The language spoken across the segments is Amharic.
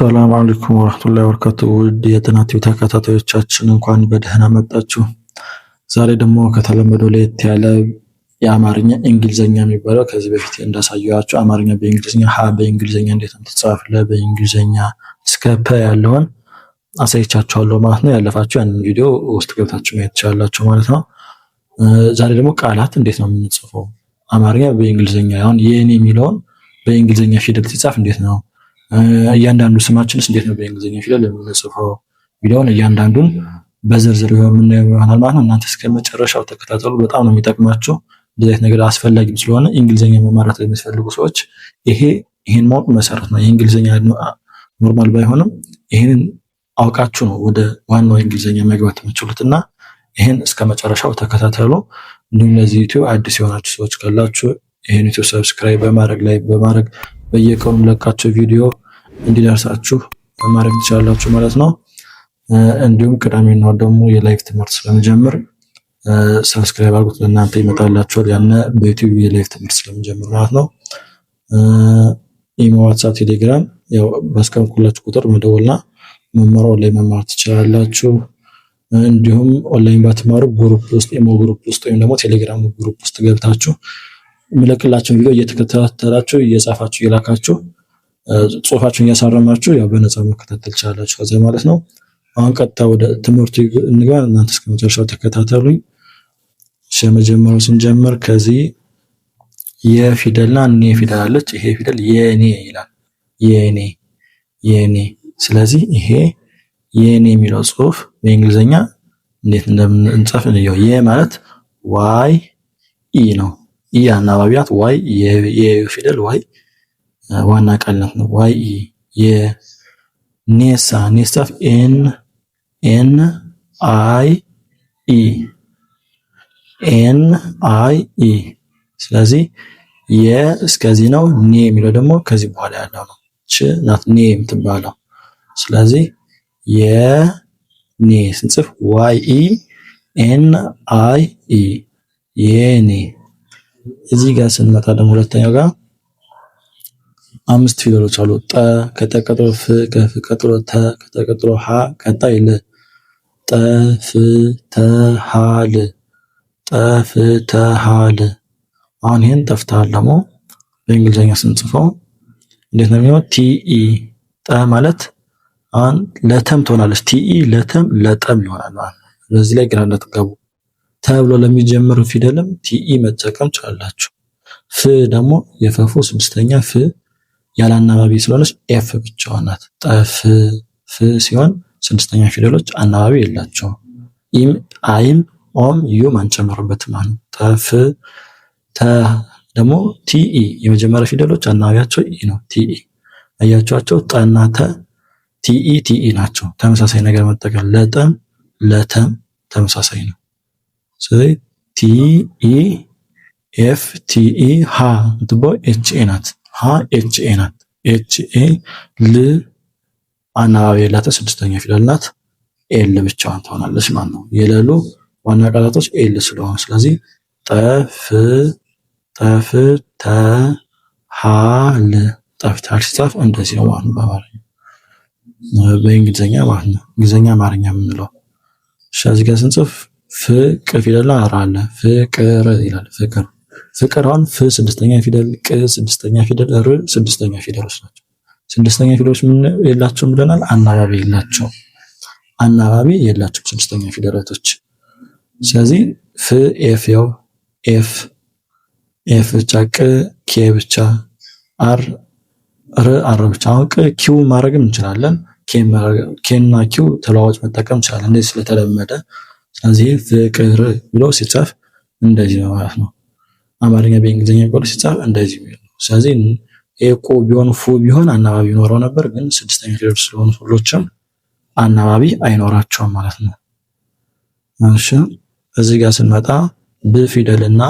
ሰላም አለይኩም ወራህመቱላሂ ወበረካቱ። ውድ የጥናት ቤት ተከታታዮቻችን እንኳን በደህና መጣችሁ። ዛሬ ደግሞ ከተለመደው ለየት ያለ የአማርኛ እንግሊዘኛ የሚባለው ከዚህ በፊት እንዳሳየኋችሁ አማርኛ በእንግሊዘኛ ሀ በእንግሊዘኛ እንዴት ነው ተጻፈ ለ በእንግሊዘኛ እስከ ፐ ያለውን አሳይቻችኋለሁ ማለት ነው። ያለፋችሁ ያንን ቪዲዮ ውስጥ ገብታችሁ ማየት ትችላላችሁ ማለት ነው። ዛሬ ደግሞ ቃላት እንዴት ነው የምንጽፈው አማርኛ በእንግሊዘኛ አሁን የኔ የሚለውን በእንግሊዘኛ ፊደል ሲጻፍ እንዴት ነው እያንዳንዱ ስማችንስ እንዴት ነው በእንግሊዝኛ ፊደል የምንጽፈው ቪዲዮውን እያንዳንዱን በዝርዝር የምናየው ይሆናል ማለት ነው። እናንተ እስከ መጨረሻው ተከታተሉ። በጣም ነው የሚጠቅማችሁ። እንደዚህ ነገር አስፈላጊም ስለሆነ እንግሊዝኛ መማራት የሚፈልጉ ሰዎች ይሄ ይህን ማወቅ መሰረት ነው። የእንግሊዝኛ ኖርማል ባይሆንም ይህንን አውቃችሁ ነው ወደ ዋናው እንግሊዝኛ መግባት የምችሉት እና ይህን እስከ መጨረሻው ተከታተሉ። እንዲሁም ለዚህ ዩቲዩብ አዲስ የሆናችሁ ሰዎች ካላችሁ ይህን ዩቲዩብ ሰብስክራይብ በማድረግ ላይ በማድረግ በየቀኑ ለካቸው ቪዲዮ እንዲደርሳችሁ ማድረግ ትችላላችሁ ማለት ነው። እንዲሁም ቅዳሜና ደግሞ የላይቭ ትምህርት ስለምጀምር ሰብስክራይብ አድርጉት፣ ለእናንተ ይመጣላችኋል። ያነ በዩቲዩብ የላይቭ ትምህርት ስለምጀምር ማለት ነው። ኢሞ፣ ዋትሳፕ፣ ቴሌግራም ያው ባስቀመጥኩላችሁ ቁጥር መደወልና መማር ኦንላይን መማር ትችላላችሁ። እንዲሁም ኦንላይን ባትማሩ ግሩፕ ውስጥ ኢሞ ግሩፕ ውስጥ ወይም ደግሞ ቴሌግራም ግሩፕ ውስጥ ገብታችሁ የሚለቅላቸውን ቪዲዮ እየተከታተላችሁ እየጻፋችሁ እየላካችሁ ጽሁፋችሁን እያሳረማችሁ ያው በነጻ መከታተል ቻላችሁ ከዚ ማለት ነው። አሁን ቀጥታ ወደ ትምህርቱ እንግባ። እናንተ እስከ መጨረሻው ተከታተሉኝ። ሸመጀመሩ ስንጀምር ከዚህ የፊደልና እኔ ፊደል አለች። ይሄ ፊደል የኔ ይላል። የኔ የኔ። ስለዚህ ይሄ የኔ የሚለው ጽሁፍ በእንግሊዝኛ እንዴት እንደምንጻፍ እንየው። ይሄ ማለት ዋይ ኢ ነው የአናባቢያት ዋይ የፊደል ዋይ ዋና ቃል ናት ነው። ዋይ የኔሳ ኔስታፍ ኤን ኤን አይ ኢ ኤን አይ ኢ ስለዚህ የ እስከዚህ ነው። ኔ የሚለው ደግሞ ከዚህ በኋላ ያለው ነው። ች ናት ኔ የምትባለው ስለዚህ ኔ ስንጽፍ ዋይ ኢ ኤን አይ ኢ የኔ እዚህ ጋር ስንመጣ ደግሞ ሁለተኛው ጋር አምስት ፊደሎች አሉ። ጠ ከጠቀጥሮ ፍ ከፍቀጥሮ ተ ከጠቀጥሮ ሀ ቀጣይ ል ጠ ፍ ተ ሀ ጠ ፍ ተ አሁን ይህን ጠፍተሃል ደግሞ በእንግሊዝኛ ስንጽፈው እንዴት ነው የሚሆነው? ቲኢ ጠ ማለት አሁን ለተም ትሆናለች። ቲኢ ለተም ለጠም ይሆናል። በዚህ ላይ ግራ እንዳትጋቡ። ተብሎ ለሚጀምር ፊደልም ቲኢ መጠቀም ቻላችሁ። ፍ ደግሞ የፈፉ ስድስተኛ ፍ ያለ አናባቢ ስለሆነች ኤፍ ብቻዋ ናት። ጠፍ ፍ ሲሆን ስድስተኛ ፊደሎች አናባቢ የላቸው ኢም አይም ኦም ዩም አንጨምርበትም። አሁን ተፍ ተ ደግሞ ቲኢ የመጀመሪያ ፊደሎች አናባቢያቸው ኢ ነው። ቲኢ አያቸዋቸው ጠና ተ ቲኢ ቲኢ ናቸው። ተመሳሳይ ነገር መጠቀም ለጠም ለተም ተመሳሳይ ነው። ስለዚህ ቲኢ ኤፍ ቲኢ ሃ የምትባው ኤች ኤ ናት። ሃ ኤች ኤ ናት። ኤች ኤ ል አናባቢ የላት ስድስተኛ ፊደል ናት። ኤል ብቻዋን ትሆናለች ማለት ነው። የለሉ ዋና ቃላቶች ኤል ስለሆነ ስለዚህ ጠፍ ጠፍ ተ ሃ ል ጠፍታል ሲጻፍ እንደዚህ ነው ማለት ነው። በአማርኛ በእንግሊዝኛ ማለት ነው። እንግሊዝኛ አማርኛ የምንለው እሺ፣ ጋር ስንጽፍ ፍቅር ፊደል አር አለ። ፍቅር ይላል። ፍቅር ፍቅር አሁን ፍ ስድስተኛ ፊደል፣ ቅ ስድስተኛ ፊደል፣ ር ስድስተኛ ፊደሎች ናቸው። ስድስተኛ ፊደሎች ምን የላቸውም ብለናል? አናባቢ የላቸው አናባቢ የላቸው ስድስተኛ ፊደላቶች። ስለዚህ ፍ ኤፍ ያው ኤፍ ኤፍ ብቻ፣ ቅ ኬ ብቻ፣ አር ር አር ብቻ። አሁን ቅ ኪው ማድረግም እንችላለን። ኬና ኪው ተለዋዋጭ መጠቀም እንችላለን። እንደዚህ ስለተለመደ እዚህ ፍቅር ብሎ ሲጻፍ እንደዚህ ነው ማለት ነው። አማርኛ በእንግሊዝኛ ቆሎ ሲጻፍ እንደዚህ ነው። ስለዚህ ኤቆ ቢሆን ፉ ቢሆን አናባቢ ይኖረው ነበር፣ ግን ስድስተኛ ፊደል ስለሆኑ ሁሎችም አናባቢ አይኖራቸውም ማለት ነው። እሺ እዚህ ጋር ስንመጣ ብ ፊደልና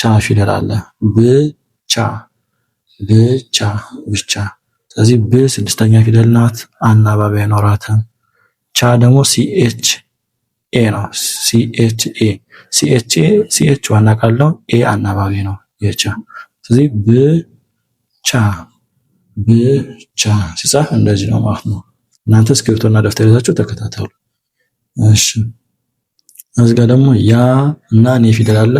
ቻ ፊደል አለ። ብቻ ብቻ ብቻ። ስለዚህ ብ ስድስተኛ ፊደል ናት፣ አናባቢ አይኖራትም። ቻ ደግሞ ሲኤች ኤ ነው። ሲኤች ኤ ሲኤች ኤ ሲኤች ዋና ቃል ነው። ኤ አናባቢ ነው። የቻ ስለዚህ ብቻ ብቻ ሲጻፍ እንደዚህ ነው ማለት ነው። እናንተ እስክሪብቶና ደብተር ይዛችሁ ተከታተሉ። እሺ እዚህ ጋር ደግሞ ያ እና ኔ ፊደል አለ።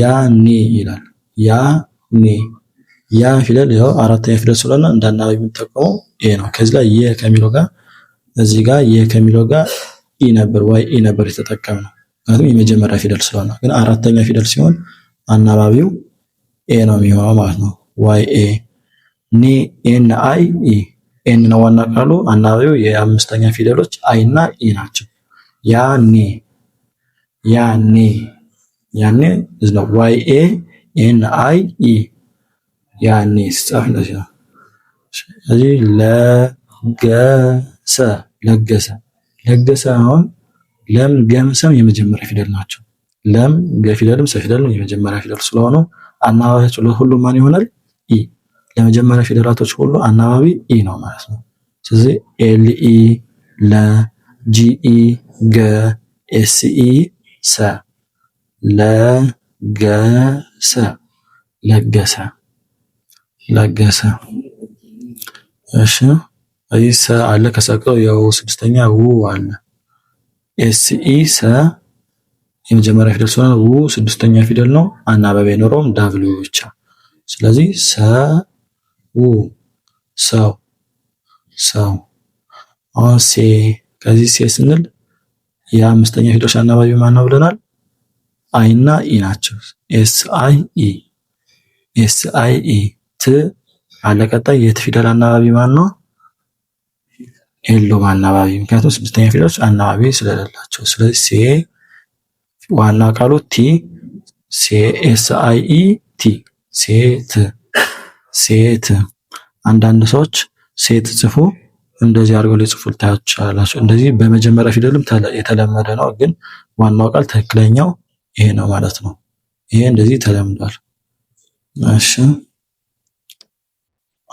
ያ ኔ ይላል። ያ ኔ ያ ፊደል ያው አራተኛ ፊደል ስለሆነ እንዳናባቢ የምንጠቀመው ኤ ነው። ከዚህ ላይ የ ከሚለው ጋር እዚህ ጋር የ ከሚለው ጋር ኢ ነበር ዋይ ኢ ነበር ነው። ምክንያቱም የመጀመሪያ ፊደል ስለሆነ። ግን አራተኛ ፊደል ሲሆን አናባቢው ኤ ነው የሚሆነው ማለት ነው። ዋይ ኤ ኒ ኤን አይ ኢ ኤን ነው ዋና ቃሉ። አናባቢው የአምስተኛ ፊደሎች አይ እና ኢ ናቸው። ያ ኒ ያ ኒ ያኔ እዚ ነው ዋይ ኤ ኤን አይ ኢ ያኔ ሲጻፍ እንደዚህ ነው። ስለዚህ ለገሰ ለገሰ ነገ ሳይሆን ለም ገምሰም የመጀመሪያ ፊደል ናቸው። ለም ገፊደልም ሰፊደልም የመጀመሪያ ፊደል ስለሆኑ አናባቢያቸው ለሁሉ ማን ይሆናል? ኢ ለመጀመሪያ ፊደላቶች ሁሉ አናባቢ ኢ ነው ማለት ነው። ስለዚህ ኤልኢ ለ፣ ኢ ገ፣ ኤስኢ ሰ፣ ለገሰ ለገሰ ለገሰ እሺ ሰ አለ ከሰቀው ያው ስድስተኛ ው አለ ኤስኢ ሰ የመጀመሪያ ፊደል ስለሆነ ው ስድስተኛ ፊደል ነው። አናባቢ አይኖረውም ዳብሊው ብቻ። ስለዚህ ሰ ው ሰው ሰው አሁን ሴ ከዚህ ሴ ስንል የአምስተኛ ፊደሎች አናባቢ ማን ነው ብለናል? አይ እና ኢ ናቸው። ኤስ አይ ኢ ኤስ አይ ኢ ት አለ ቀጣይ የት ፊደል አናባቢ ማን ነው? ኤሎም አናባቢ ምክንያቱም ስድስተኛ ፊደሎች አናባቢ ስለሌላቸው። ስለዚህ ሴ ዋና ቃሉ ቲ ሴ ኤስ አይ ኢ ቲ ሴት ሴት። አንዳንድ ሰዎች ሴት ጽፉ እንደዚህ አድርገው ሊጽፉ ታያችኋላችሁ። እንደዚህ በመጀመሪያ ፊደልም የተለመደ ነው፣ ግን ዋናው ቃል ትክክለኛው ይሄ ነው ማለት ነው። ይሄ እንደዚህ ተለምዷል። እሺ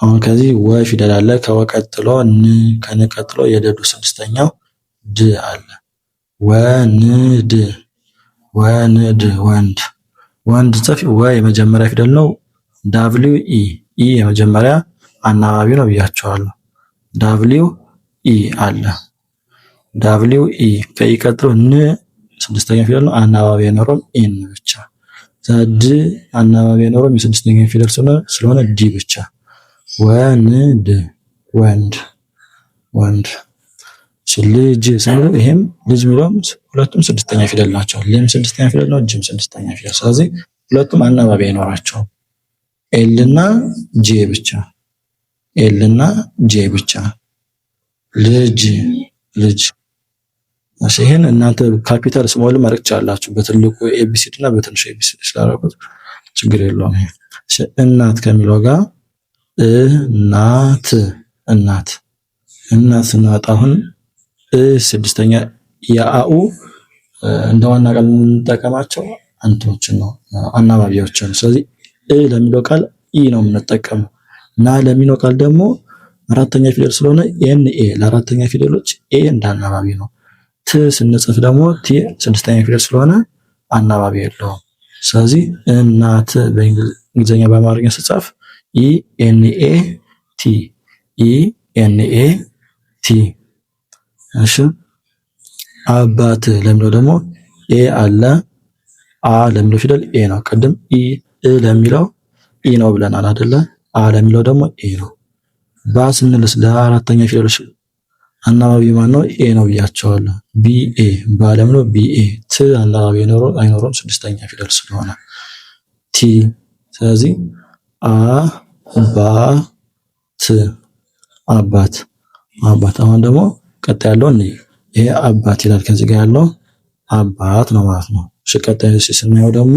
አሁን ከዚህ ወ ፊደል አለ። ከወ ቀጥሎ ን፣ ከን ቀጥሎ የደዱ ስድስተኛው ድ አለ። ወንድ ወንድ ወንድ ወንድ ጽፍ ወ የመጀመሪያ ፊደል ነው። ዳብሊው ኢ ኢ የመጀመሪያ አናባቢ ነው ብያቸዋለሁ። ዳብሊው ኢ አለ። ዳብሊው ኢ ከኢ ቀጥሎ ን ስድስተኛ ፊደል ነው። አናባቢ አይኖረውም። ኢን ብቻ ዘድ አናባቢ አይኖረውም። የስድስተኛ ፊደል ስለሆነ ዲ ብቻ ወንድ ወንድ ወንድ ልጅ ስንል ይሄም ልጅ የሚለውም ሁለቱም ስድስተኛ ፊደል ናቸው። ሊም ስድስተኛ ፊደል ነው፣ ጅም ስድስተኛ ፊደል። ስለዚህ ሁለቱም አናባቢያ አይኖራቸውም። ኤልና ጄ ብቻ ኤልና ጄ ብቻ። ልጅ ልጅ። እሺ እናንተ ካፒታል ስሞል ማድረግ ትችላላችሁ። በትልቁ ኤቢሲዲ እና በትንሹ ኤቢሲዲ ስላደረጉት ችግር የለውም። እናት ከሚለው ጋር እናት እናት እናት ስናወጣ አሁን እ ስድስተኛ የአኡ እንደ ዋና ቃል የምንጠቀማቸው አንቶችን ነው ነው። ስለዚህ እ ለሚለው ቃል ኢ ነው የምንጠቀመው። ና ለሚለው ቃል ደግሞ አራተኛ ፊደል ስለሆነ ኤን ኤ ለአራተኛ ፊደሎች ኤ እንደ አናባቢ ነው። ት ስንጽፍ ደግሞ ቲ ስድስተኛ ፊደል ስለሆነ አናባቢ የለውም። ስለዚህ እናት በእንግሊዝኛ በአማርኛ ስጻፍ ኢኤንኤ ቲ ኢኤንኤ ቲ። እሺ አባት ለሚለው ደግሞ ኤ አለ። አ ለሚለው ፊደል ኤ ነው። ቅድም ኢ ለሚለው ኢ ነው ብለናል አይደለ? አ ለሚለው ደግሞ ኤ ነው። ባ ስንልስ ለአራተኛ ፊደሎች አናባቢ ማን ነው? ኤ ነው ብያቸዋለ ቢኤ ባ ለሚለው ቢኤ ት አናባቢ አይኖረውም፣ ስድስተኛ ፊደል ስለሆነ ቲ ስለዚህ አ ባት አባት አባት። አሁን ደግሞ ቀጥ ያለው እንይ። ይሄ አባት ይላል። ከዚህ ጋር ያለው አባት ነው ማለት ነው። እሺ ቀጣይ ስናየው ደግሞ